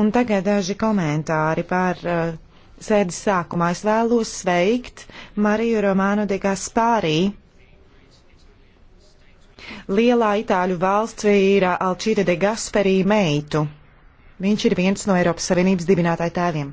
Un tagad daži komentāri par uh, sēdes sākumā. Es vēlos sveikt Mariju Romānu de Gaspārī. Lielā itāļu valsts vīra Alčīte de Gasperī meitu. Viņš ir viens no Eiropas Savienības dibinātāju tēviem.